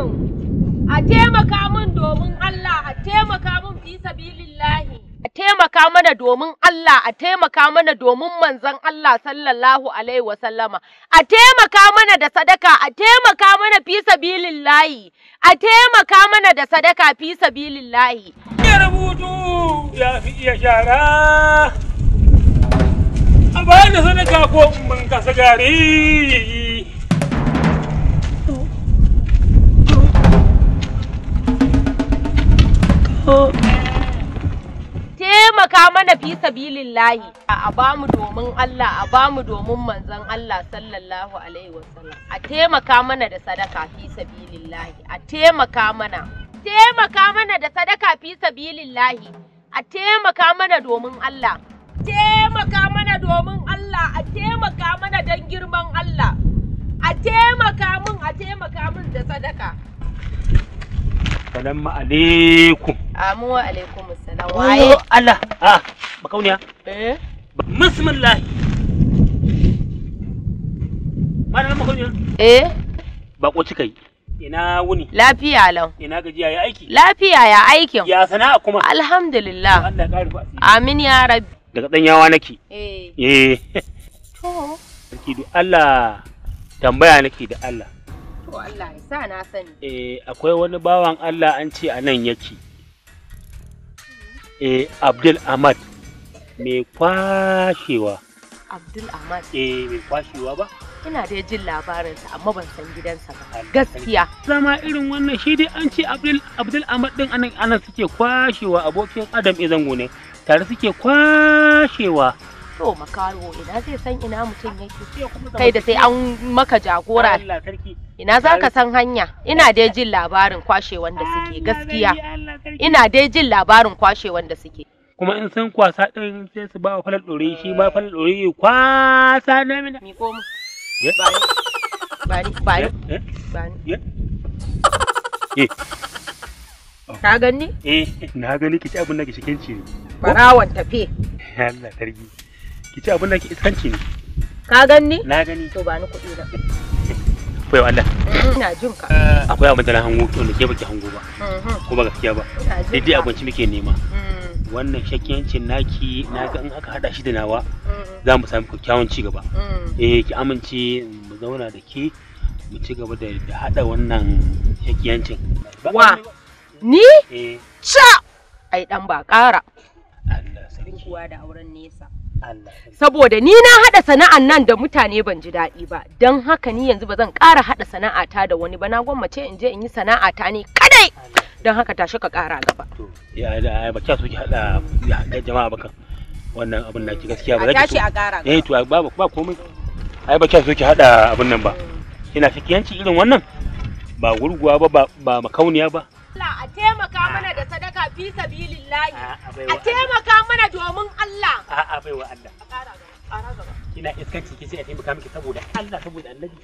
a taimaka min domin Allah a taimaka min fi sabilillahi a taimaka mana domin Allah a taimaka mana domin manzon Allah sallallahu alaihi a taimaka mana da sadaka a taimaka mana fi sabilillahi a taimaka mana da sadaka fi sabilillahi ya rubutu ya fi iya shara a bayan da sadaka ko mun kasa gari taimaka mana fi sabilillahi a bamu domin Allah a bamu domin manzon Allah sallallahu alaihi wasallam a taimaka mana da sadaka fi sabilillahi a taimaka mana taimaka mana da sadaka fi sabilillahi a taimaka mana domin Allah taimaka mana domin Allah a taimaka mana don girman Allah a taimaka min a taimaka min da sadaka salamu alaikum Amu wa alaikum assalam. Waye? Allah. Ah, bakauniya. Eh. Bismillah. Malam bakauniya. Eh. Bako cika yi. Ina wuni. Lafiya lau. Ina gajiya ya aiki. Lafiya ya aikin. Ya sana'a kuma. Alhamdulillah. Allah ya ƙara Amin ya rabbi. Daga ɗan yawa nake. Eh. Eh. To. Sarki da Allah tambaya nake da Allah. To Allah ya sa na sani. Eh akwai wani bawan Allah an ce a nan yake. eh abdul ahmad mai kwashewa abdul ahmad eh mai kwashewa ba ina da jin labarinsa amma ban san gidansa ba gaskiya zama irin wannan shi dai an ce abdul abdul ahmad din anan anan suke kwashewa abokin adam izango ne tare suke kwashewa to makaro ina zai san ina mutum yake kai da sai an maka jagora ina za ka san hanya ina da jin labarin kwashewan da suke gaskiya ina dai jin labarin kwashe wanda suke kuma in sun kwasa ɗin sai su ba wa falal dore shi ba falal yi kwasa na mina mi komo bani bani bani eh. ka gani eh na gani kici abin da ki shikenci ne barawan tafe Allah tarbi kici abin da ki iskanci ne ka gani na gani to ni kuɗi ba. bai Allah ina jin ka akwai abin da na hango to ke baki hango ba mm-hmm. ko ba gaskiya ba dai dai abinci muke nema mm. wannan shakkiyancin naki na ga in aka hada shi da nawa mm. za mu samu kyakkyawan ci gaba mm. eh ki amince mu zauna da ke mu ci gaba da hada wannan shakkiyancin wa ni eh. ca ai dan ba kara Allah sarki da auren nesa Saboda ni na haɗa sana'an nan da mutane ban ji daɗi ba, don haka ni yanzu ba zan ƙara haɗa sana'ata da wani ba, na gwammace in je in yi sana'ata ne kadai don haka tashi ka ƙara gaba. Ya da ba kya so ki haɗa jama'a bakan wannan abin na ki gaskiya ba. A tashi a ƙara Eh to ba ba komai. Ai ba kya so ki haɗa abin nan ba. Kina sakiyanci irin wannan ba gurguwa ba ba makauniya ba. Allah a taimaka mana da sadaka fi sabilillahi a taimaka mana domin Allah a'a baiwa Allah Ina iskar ciki sai a taimaka miki saboda Allah saboda annabi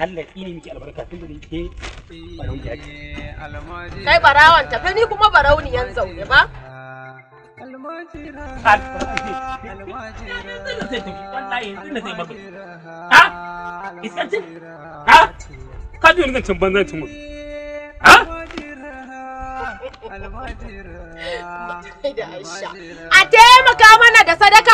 Allah ya tsine miki albarka tun da ke kai barawan ta kai ni kuma yan zaune ba almajira almajira ha ka ji a taimaka mana da sadaka